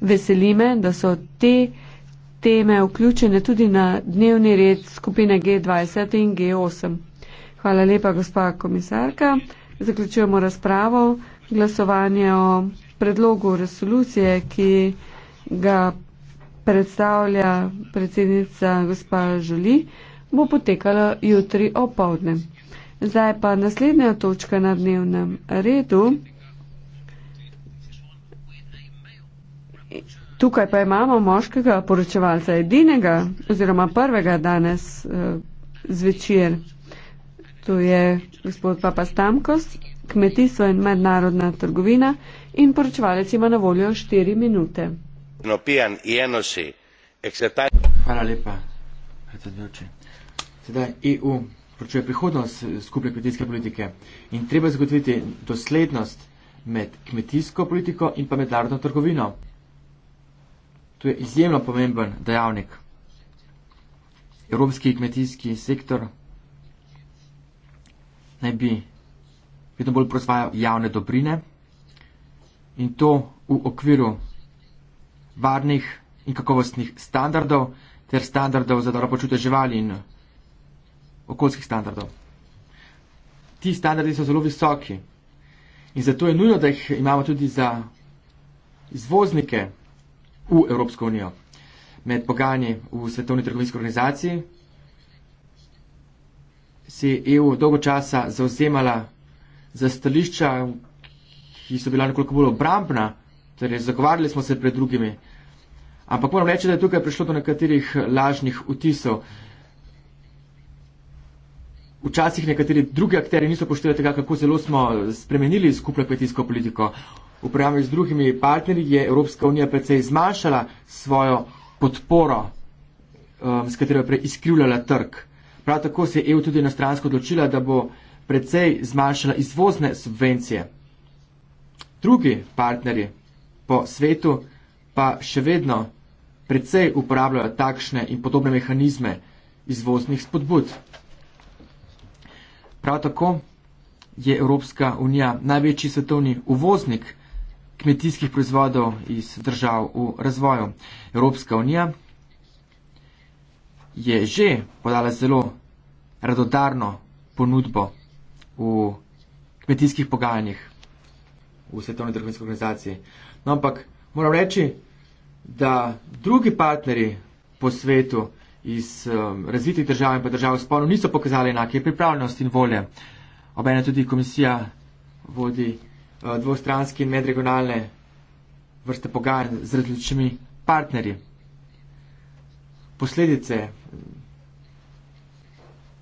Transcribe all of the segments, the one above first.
Veseli me, da so te teme vključene tudi na dnevni red skupine G20 in G8. Hvala lepa, gospa komisarka. Zaključujemo razpravo, glasovanje o predlogu resolucije, ki ga predstavlja predsednica gospa Žuli, bo potekalo jutri o povdne. Zdaj pa naslednja točka na dnevnem redu. Tukaj pa imamo moškega poročevalca, edinega oziroma prvega danes uh, zvečer. To je gospod Papa Stamkos, kmetijstvo in mednarodna trgovina in poročevalec ima na voljo štiri minute. E Hvala lepa. Sedaj EU poročuje prihodnost eh, skupne kmetijske politike in treba zagotoviti doslednost med kmetijsko politiko in pa mednarodno trgovino. To je izjemno pomemben dejavnik. Evropski kmetijski sektor naj bi vedno bolj proizvajal javne dobrine in to v okviru varnih in kakovostnih standardov ter standardov za dobro počutje živali in okoljskih standardov. Ti standardi so zelo visoki in zato je nujno, da jih imamo tudi za izvoznike v Evropsko unijo. Med pogajanji v Svetovni trgovinski organizaciji se je EU dolgo časa zauzemala za stališča, ki so bila nekoliko bolj obrambna, torej zagovarjali smo se pred drugimi. Ampak moram reči, da je tukaj prišlo do nekaterih lažnih vtisov. Včasih nekateri drugi akteri niso poštevali tega, kako zelo smo spremenili skupno kmetijsko politiko v primerjavi z drugimi partnerji je Evropska unija precej zmanjšala svojo podporo, um, s katero je prej izkrivljala trg. Prav tako se je EU tudi na stransko odločila, da bo precej zmanjšala izvozne subvencije. Drugi partnerji po svetu pa še vedno precej uporabljajo takšne in podobne mehanizme izvoznih spodbud. Prav tako je Evropska unija največji svetovni uvoznik kmetijskih proizvodov iz držav v razvoju. Evropska unija je že podala zelo radodarno ponudbo v kmetijskih pogajanjih v Svetovni trgovinski organizaciji. No, ampak moram reči, da drugi partneri po svetu iz um, razvitih držav in pa držav v sponu niso pokazali enake pripravljenosti in volje. Obenem tudi komisija vodi Eh, dvostranske in medregionalne vrste pogajanj z različnimi partnerji. Posledice eh,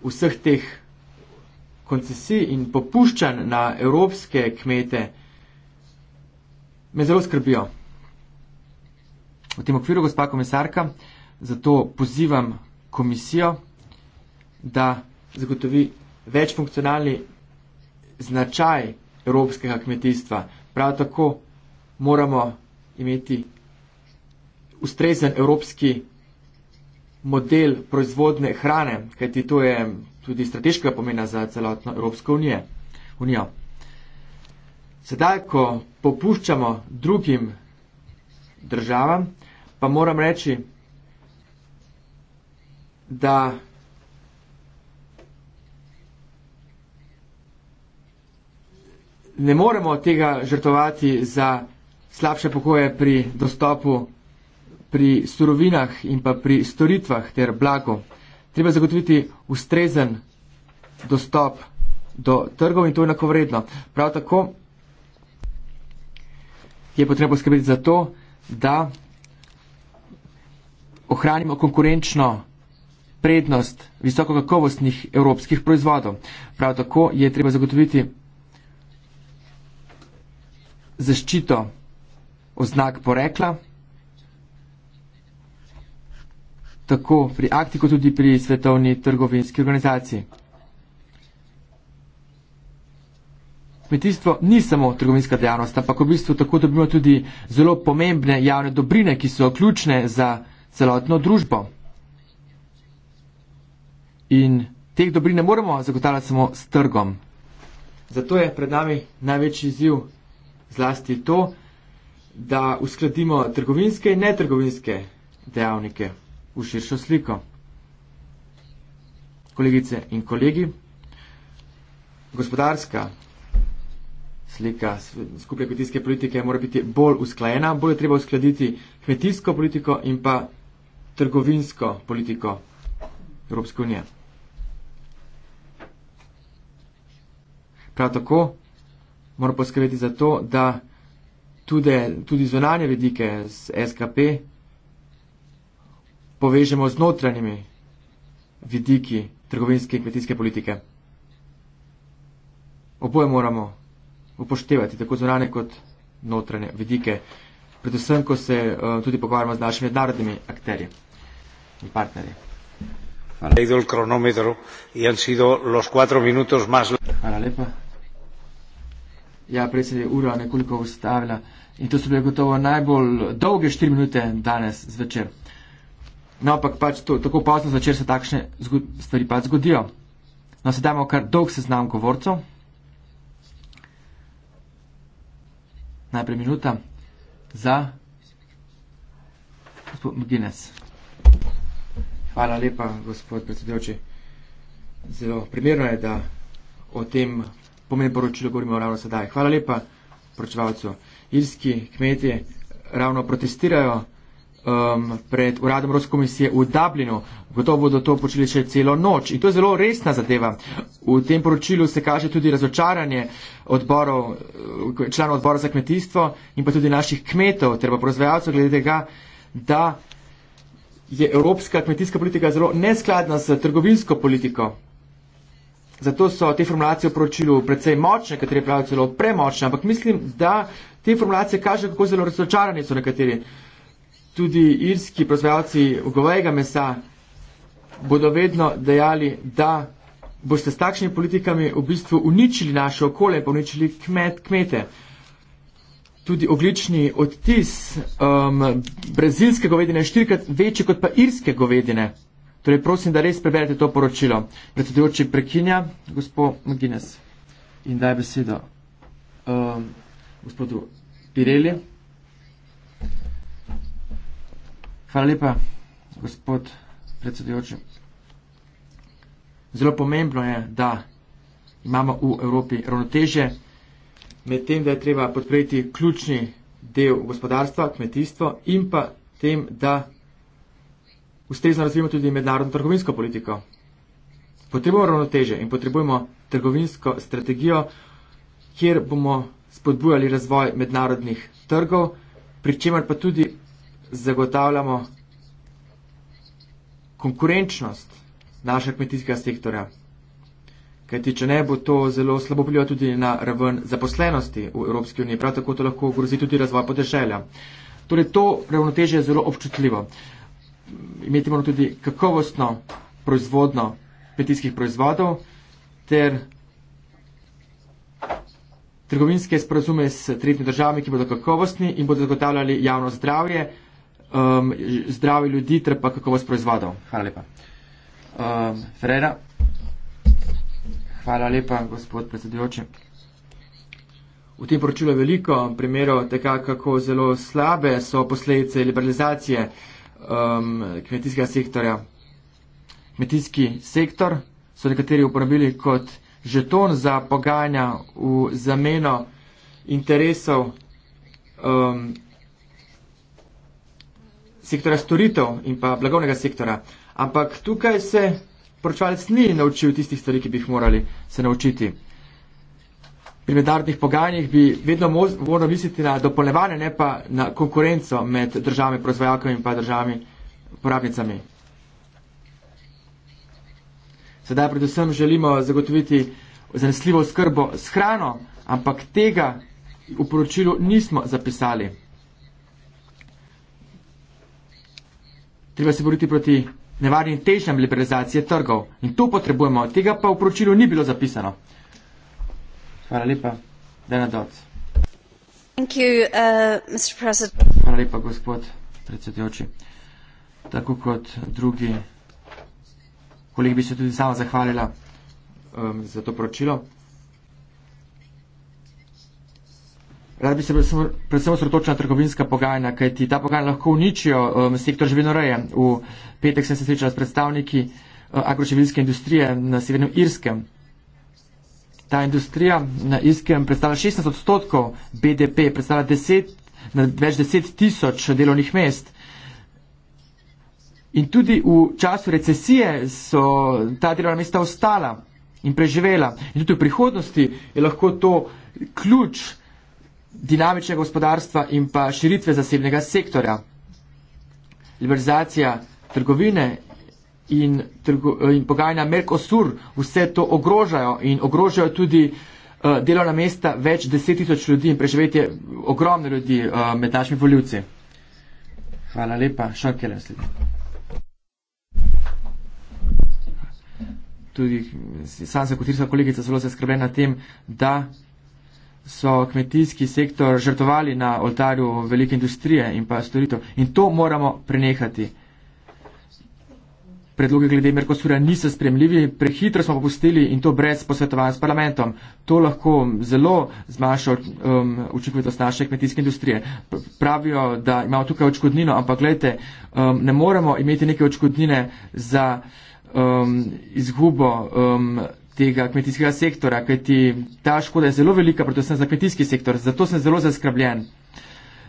vseh teh koncesij in popuščanj na evropske kmete me zelo skrbijo. V tem okviru, gospa komisarka, zato pozivam komisijo, da zagotovi večfunkcionalni značaj evropskega kmetijstva. Prav tako moramo imeti ustrezen evropski model proizvodne hrane, kajti to je tudi strateškega pomena za celotno Evropsko unije, unijo. Sedaj, ko popuščamo drugim državam, pa moram reči, da ne moremo tega žrtovati za slabše pokoje pri dostopu, pri surovinah in pa pri storitvah ter blagu. Treba zagotoviti ustrezen dostop do trgov in to je enakovredno. Prav tako je potrebno skrbeti za to, da ohranimo konkurenčno prednost visokokakovostnih evropskih proizvodov. Prav tako je treba zagotoviti zaščito oznak porekla, tako pri akti, kot tudi pri svetovni trgovinski organizaciji. Kmetijstvo ni samo trgovinska dejavnost, ampak v bistvu tako dobimo tudi zelo pomembne javne dobrine, ki so ključne za celotno družbo. In teh dobrin ne moremo zagotavljati samo s trgom. Zato je pred nami največji izziv zlasti to, da uskladimo trgovinske in netrgovinske dejavnike v širšo sliko. Kolegice in kolegi, gospodarska slika skupne kmetijske politike mora biti bolj usklajena, bolj je treba uskladiti kmetijsko politiko in pa trgovinsko politiko Evropske unije. Prav tako mora poskrbeti za to, da tudi, tudi zvonanje vidike z SKP povežemo z notranjimi vidiki trgovinske in kmetijske politike. Oboje moramo upoštevati, tako zvonanje kot notranje vidike, predvsem, ko se uh, tudi pogovarjamo z našimi mednarodnimi akterji in partnerji. Hvala. Hvala lepa. Ja, prej se je ura nekoliko ustavila in to so bile gotovo najbolj dolge 4 minute danes zvečer. No, ampak pač to, tako pozno zvečer se takšne stvari pač zgodijo. No, sedaj imamo kar dolg seznam govorcev. Najprej minuta za gospod Guinness. Hvala lepa, gospod predsedujoči. Zelo primerno je, da o tem pomeni poročilo, govorimo ravno sedaj. Hvala lepa, poročevalcu. Irski kmetje ravno protestirajo um, pred uradom Evropske komisije v Dublinu. Gotovo bodo to počeli še celo noč. In to je zelo resna zadeva. V tem poročilu se kaže tudi razočaranje odborov, članov odbora za kmetijstvo in pa tudi naših kmetov, ter pa proizvajalcev glede tega, da je evropska kmetijska politika zelo neskladna s trgovinsko politiko. Zato so te formulacije v poročilu precej močne, katere pravijo celo premočne, ampak mislim, da te formulacije kažejo, kako zelo razočarani so nekateri. Tudi irski proizvajalci govejega mesa bodo vedno dejali, da boste s takšnimi politikami v bistvu uničili naše okolje, pa uničili kmet, kmete. Tudi oglični odtis um, brazilske govedine je štirikrat večji kot pa irske govedine. Torej, prosim, da res preberete to poročilo. Predsedujoči prekinja, gospod Magines, in daj besedo um, gospodu Pireli. Hvala lepa, gospod predsedujoči. Zelo pomembno je, da imamo v Evropi ravnotežje med tem, da je treba podpreti ključni del gospodarstva, kmetijstvo in pa tem, da ustrezno razvijemo tudi mednarodno trgovinsko politiko. Potrebujemo ravnoteže in potrebujemo trgovinsko strategijo, kjer bomo spodbujali razvoj mednarodnih trgov, pri čemer pa tudi zagotavljamo konkurenčnost našega kmetijskega sektorja. Kajti, če ne, bo to zelo slabo vplivalo tudi na raven zaposlenosti v Evropski uniji, prav tako to lahko grozi tudi razvoj podeželja. Torej, to ravnoteže je zelo občutljivo. Uh, imeti moramo tudi kakovostno proizvodno kmetijskih proizvodov ter trgovinske sporazume s tretjimi državami, ki bodo kakovostni in bodo zagotavljali javno zdravje, um, zdravje ljudi ter pa kakovost proizvodov. Hvala lepa. Um, Freda. Hvala lepa, gospod predsedujoči. V tem poročilu je veliko primerov tega, kako zelo slabe so posledice liberalizacije uh, um, kmetijskega sektorja. Kmetijski sektor so nekateri uporabili kot žeton za pogajanja v zameno interesov um, sektora storitev in pa blagovnega sektora. Ampak tukaj se poročvalec ni naučil tistih stvari, ki bi jih morali se naučiti pri mednarodnih pogajanjih bi vedno moralo misliti na dopolnevanje, ne pa na konkurenco med državami proizvajalkami in pa državami uporabnicami. Sedaj predvsem želimo zagotoviti zanesljivo skrbo s hrano, ampak tega v poročilu nismo zapisali. Treba se boriti proti nevarnim težjam liberalizacije trgov in to potrebujemo, tega pa v poročilu ni bilo zapisano. Hvala lepa. Dana Doc. You, uh, Hvala lepa, gospod predsedujoči. Tako kot drugi kolegi bi se tudi sama zahvalila um, za to poročilo. Rad bi se predvsem, predvsem osredotočil na trgovinska pogajanja, kaj ti ta pogajanja lahko uničijo um, sektor živinoreje. V petek sem se srečala s predstavniki uh, agroživinske industrije na Severnem Irskem ta industrija na Irskem predstavlja 16 odstotkov BDP, predstavlja deset, več deset tisoč delovnih mest. In tudi v času recesije so ta delovna mesta ostala in preživela. In tudi v prihodnosti je lahko to ključ dinamičnega gospodarstva in pa širitve zasebnega sektorja. Liberalizacija trgovine in, in pogajanja Merkosur vse to ogrožajo in ogrožajo tudi uh, delovna mesta več deset tisoč ljudi in preživetje ogromne ljudi uh, med našimi voljivci. Hvala lepa. Šokele sledi. Tudi sam sem kot tista kolegica zelo se skrbljen na tem, da so kmetijski sektor žrtovali na oltarju velike industrije in pa storitev. In to moramo prenehati predloge glede Merkosura niso spremljivi, prehitro smo popustili in to brez posvetovanj s parlamentom. To lahko zelo zmanjša um, učinkovitost naše kmetijske industrije. Pravijo, da imamo tukaj očkodnino, ampak gledajte, um, ne moremo imeti neke očkodnine za um, izgubo. Um, tega kmetijskega sektora, kajti ta škoda je zelo velika, predvsem za kmetijski sektor, zato sem zelo zaskrbljen.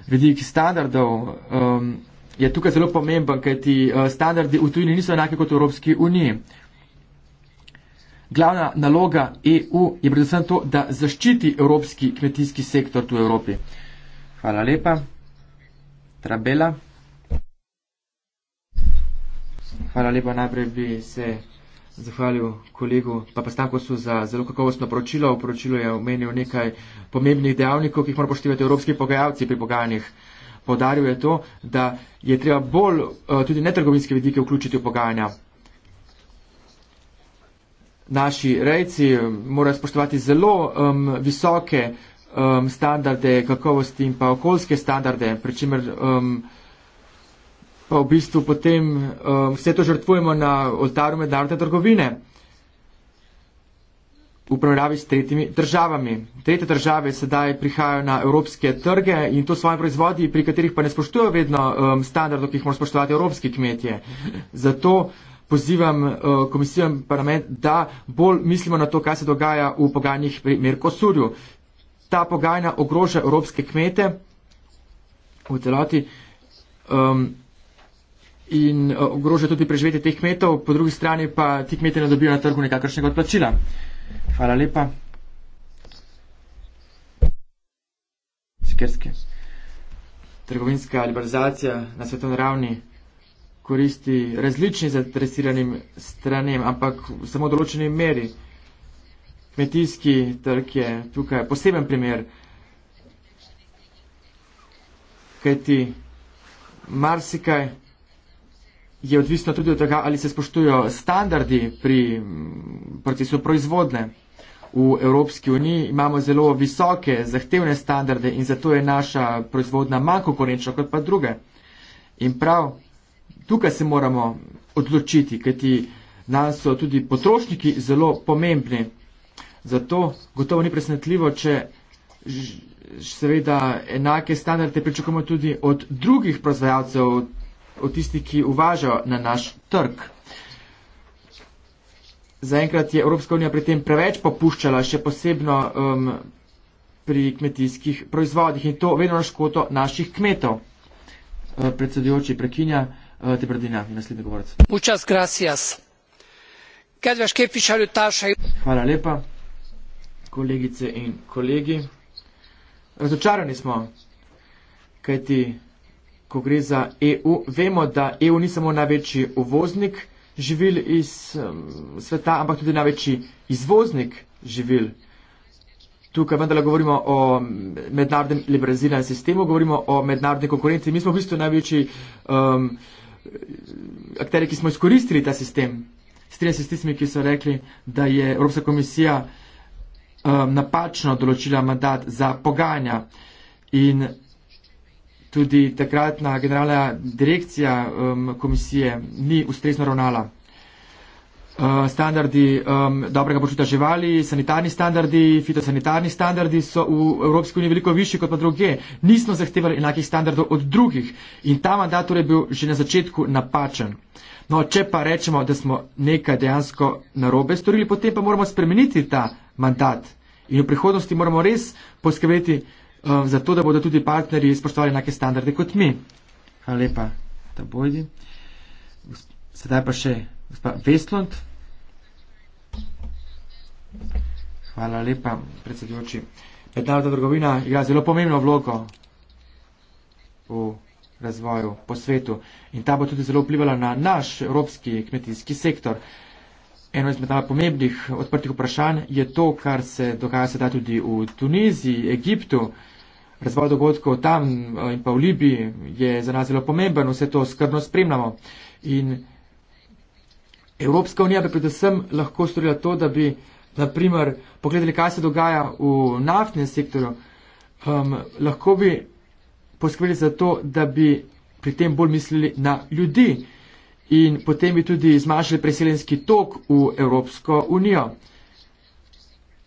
Vedik standardov um, je tukaj zelo pomemben, ker ti eh, standardi v tujini niso enake kot v Evropski uniji. Glavna naloga EU je predvsem to, da zaščiti evropski kmetijski sektor tu v Evropi. Hvala lepa. Trabela. Hvala lepa. Najprej bi se zahvalil kolegu Papastankosu za zelo kakovostno poročilo. V poročilu je omenil nekaj pomembnih dejavnikov, ki jih mora poštivati evropski pogajalci pri pogajanjih podaril je to, da je treba bolj eh, tudi netrgovinske vidike vključiti v pogajanja. Naši rejci eh, morajo spoštovati zelo um, visoke um, standarde kakovosti in pa okoljske standarde, pri čemer um, pa v bistvu potem um, vse to žrtvujemo na oltaru mednarodne trgovine v primerjavi s tretjimi državami. Tretje države sedaj prihajajo na evropske trge in to s svojimi proizvodi, pri katerih pa ne spoštujejo vedno um, standardov, ki jih morajo spoštovati evropski kmetje. Zato pozivam uh, komisijo in parlament, da bolj mislimo na to, kaj se dogaja v pogajanjih pri Merkosurju. Ta pogajna ogroža evropske kmete v celoti um, in uh, ogroža tudi preživetje teh kmetov, po drugi strani pa ti kmete ne dobijo na trgu nekakršnega odplačila. Hvala lepa. Sikerske. Trgovinska liberalizacija na svetovni ravni koristi različnim zainteresiranim stranem, ampak v samo določeni meri. Kmetijski trg je tukaj poseben primer, kajti marsikaj je odvisno tudi od tega, ali se spoštujo standardi pri procesu proizvodne. V Evropski uniji imamo zelo visoke, zahtevne standarde in zato je naša proizvodna manj konkurenčna kot pa druge. In prav tukaj se moramo odločiti, kajti nam so tudi potrošniki zelo pomembni. Zato gotovo ni presenetljivo, če seveda enake standarde pričakujemo tudi od drugih proizvajalcev od tistih, ki uvažajo na naš trg. Zaenkrat je Evropska unija pri tem preveč popuščala, še posebno um, pri kmetijskih proizvodih in to vedno na škoto naših kmetov. Uh, predsedujoči prekinja, uh, te predina in naslednji govorec. Muchas gracias. Kedves képviselő társai. Hvala lepa, kolegice in kolegi. Razočarani smo, kajti ko gre za EU. Vemo, da EU ni samo največji uvoznik živil iz um, sveta, ampak tudi največji izvoznik živil. Tukaj vendarle govorimo o mednarodnem liberaliziranem sistemu, govorimo o mednarodni konkurenci. Mi smo v bistvu največji um, akteri, ki smo izkoristili ta sistem. Strinjam se s tistimi, ki so rekli, da je Evropska komisija um, napačno določila mandat za pogajanja. In tudi takratna generalna direkcija um, komisije ni ustrezno ravnala. Uh, standardi um, dobrega počutja živali, sanitarni standardi, fitosanitarni standardi so v Evropski uniji veliko višji kot pa druge. Nismo zahtevali enakih standardov od drugih in ta mandat torej bil že na začetku napačen. No, če pa rečemo, da smo nekaj dejansko narobe storili, potem pa moramo spremeniti ta mandat in v prihodnosti moramo res poskrbeti, um, eh, zato da bodo tudi partnerji spoštovali enake standarde kot mi. Hvala lepa, da bojdi. Sedaj pa še gospa Vestlund. Hvala lepa, predsedujoči. Mednarodna trgovina igra zelo pomembno vlogo v razvoju po svetu in ta bo tudi zelo vplivala na naš evropski kmetijski sektor. Eno izmed najpomembnejših odprtih vprašanj je to, kar se dogaja sedaj tudi v Tuniziji, Egiptu. Razvoj dogodkov tam eh, in pa v Libiji je za nas zelo pomemben, vse to skrbno spremljamo. In Evropska unija bi predvsem lahko storila to, da bi, naprimer, pogledali, kaj se dogaja v naftnem sektorju, um, lahko bi poskrbeli za to, da bi pri tem bolj mislili na ljudi in potem bi tudi zmanjšali preseljenski tok v Evropsko unijo.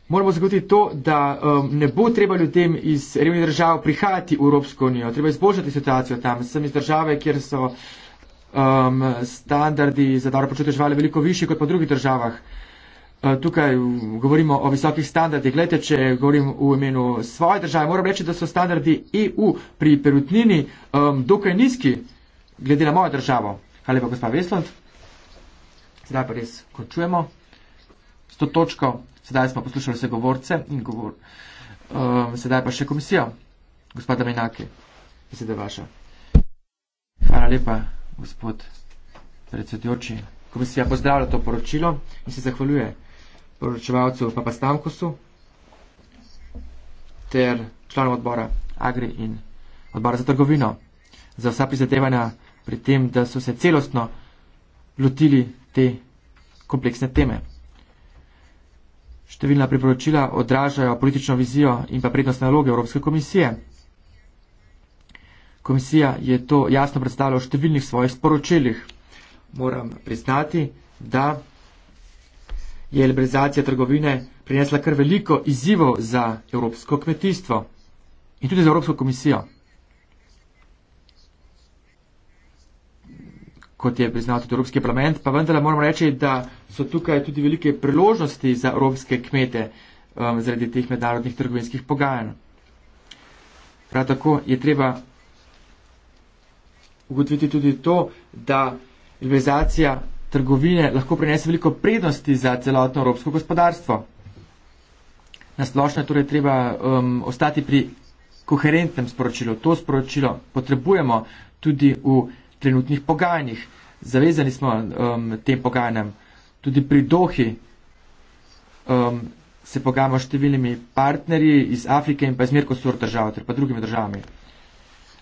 Moramo zagotoviti to, da um, ne bo treba ljudem iz revnih držav prihajati v Evropsko unijo. Treba izboljšati situacijo tam. Sem iz države, kjer so um, standardi za dobro počutje živali veliko višji kot pa v drugih državah. Uh, tukaj govorimo o visokih standardih. Glede, če govorim v imenu svoje države, moram reči, da so standardi EU pri perutnini um, dokaj nizki, glede na mojo državo. Hvala lepa, gospod Veslond. Zdaj pa res končujemo s to točko. Sedaj smo poslušali vse govorce in govor. Uh, sedaj pa še komisijo, gospoda Menake, beseda vaša. Hvala lepa, gospod predsedujoči. Komisija pozdravlja to poročilo in se zahvaljuje poročevalcu Papa Stankosu ter članom odbora Agri in odbora za trgovino za vsa prizadevanja pri tem, da so se celostno lotili te kompleksne teme. Številna priporočila odražajo politično vizijo in pa prednostne naloge Evropske komisije. Komisija je to jasno predstavila v številnih svojih sporočilih. Moram priznati, da je liberalizacija trgovine prinesla kar veliko izzivov za evropsko kmetijstvo in tudi za Evropsko komisijo. kot je priznal tudi Evropski parlament, pa vendar moramo reči, da so tukaj tudi velike priložnosti za evropske kmete um, zaradi teh mednarodnih trgovinskih pogajanj. Prav tako je treba ugotoviti tudi to, da liberalizacija trgovine lahko prinese veliko prednosti za celotno evropsko gospodarstvo. Nasplošno je torej treba um, ostati pri koherentnem sporočilu. To sporočilo potrebujemo tudi v trenutnih pogajanjih. Zavezani smo um, tem pogajanjem. Tudi pri Dohi um, se pogajamo s številnimi partnerji iz Afrike in pa iz Mirkosur država ter pa drugimi državami.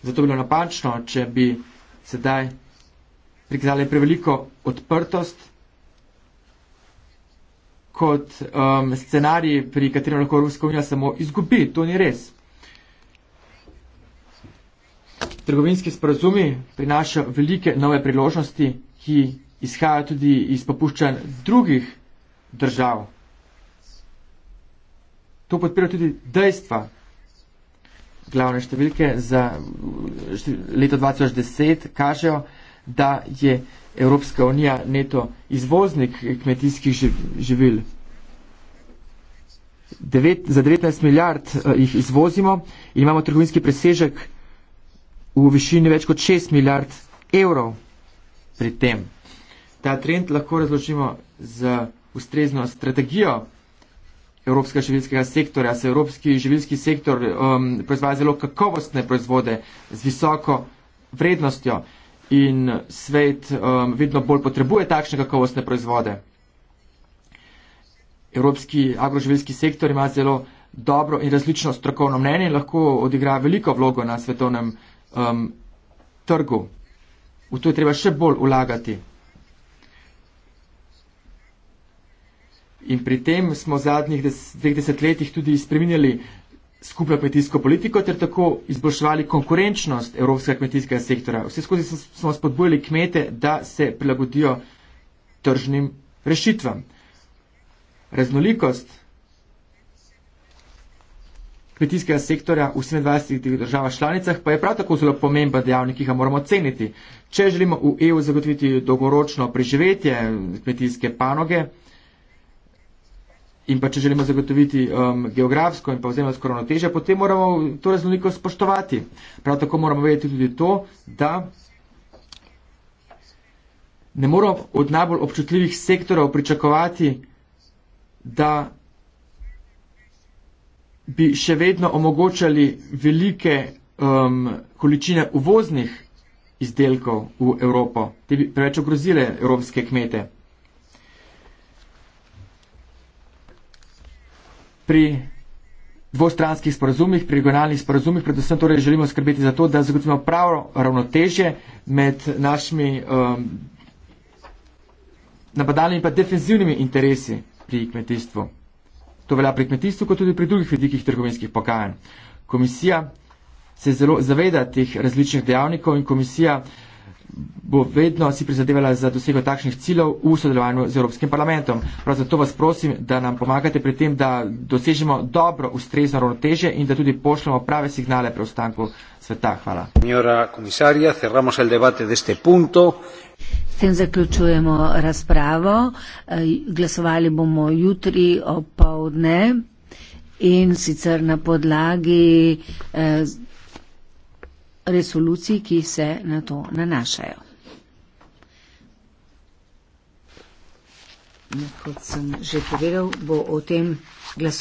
Zato bi bilo napačno, če bi sedaj prikazali preveliko odprtost kot um, scenarij, pri katerem lahko Evropska unija samo izgubi. To ni res. trgovinski sporozumi prinašajo velike nove priložnosti, ki izhajajo tudi iz popuščanj drugih držav. To podpira tudi dejstva. Glavne številke za leto 2010 kažejo, da je Evropska unija neto izvoznik kmetijskih živil. Devet, za 19 milijard eh, jih izvozimo in imamo trgovinski presežek v višini več kot 6 milijard evrov pri tem. Ta trend lahko razložimo z ustrezno strategijo Evropskega živilskega sektorja. Se Evropski živilski sektor um, proizvaja zelo kakovostne proizvode z visoko vrednostjo in svet um, vedno bolj potrebuje takšne kakovostne proizvode. Evropski agroživilski sektor ima zelo dobro in različno strokovno mnenje in lahko odigra veliko vlogo na svetovnem um, trgu. V to je treba še bolj ulagati. In pri tem smo v zadnjih des, dveh desetletjih tudi spremenjali skupno kmetijsko politiko ter tako izboljševali konkurenčnost evropskega kmetijskega sektora. Vse skozi smo spodbujali kmete, da se prilagodijo tržnim rešitvam. Raznolikost kmetijskega sektorja v 27 državah članicah pa je prav tako zelo pomemben dejavnik, ki ga moramo ceniti. Če želimo v EU zagotoviti dolgoročno preživetje kmetijske panoge in pa če želimo zagotoviti um, geografsko in pa vzemljansko ravnoteže, potem moramo to raznoliko spoštovati. Prav tako moramo vedeti tudi to, da ne moramo od najbolj občutljivih sektorov pričakovati, da bi še vedno omogočali velike um, količine uvoznih izdelkov v Evropo. Te bi preveč ogrozile evropske kmete. Pri dvostranskih sporazumih, pri regionalnih sporazumih, predvsem torej želimo skrbeti za to, da zagotovimo pravo ravnotežje med našimi um, napadalnimi in pa defenzivnimi interesi pri kmetijstvu. To velja pri kmetijstvu, kot tudi pri drugih vidikih trgovinskih pogajanj. Komisija se zelo zaveda teh različnih dejavnikov in komisija bo vedno si prizadevala za dosego takšnih ciljev v sodelovanju z Evropskim parlamentom. Prav zato vas prosim, da nam pomagate pri tem, da dosežemo dobro ustrezno ravnoteže in da tudi pošljemo prave signale preostanku sveta. Hvala. S tem zaključujemo razpravo. E, glasovali bomo jutri opovdne in sicer na podlagi e, resolucij, ki se na to nanašajo. Kot sem že povedal, bo o tem glasoval.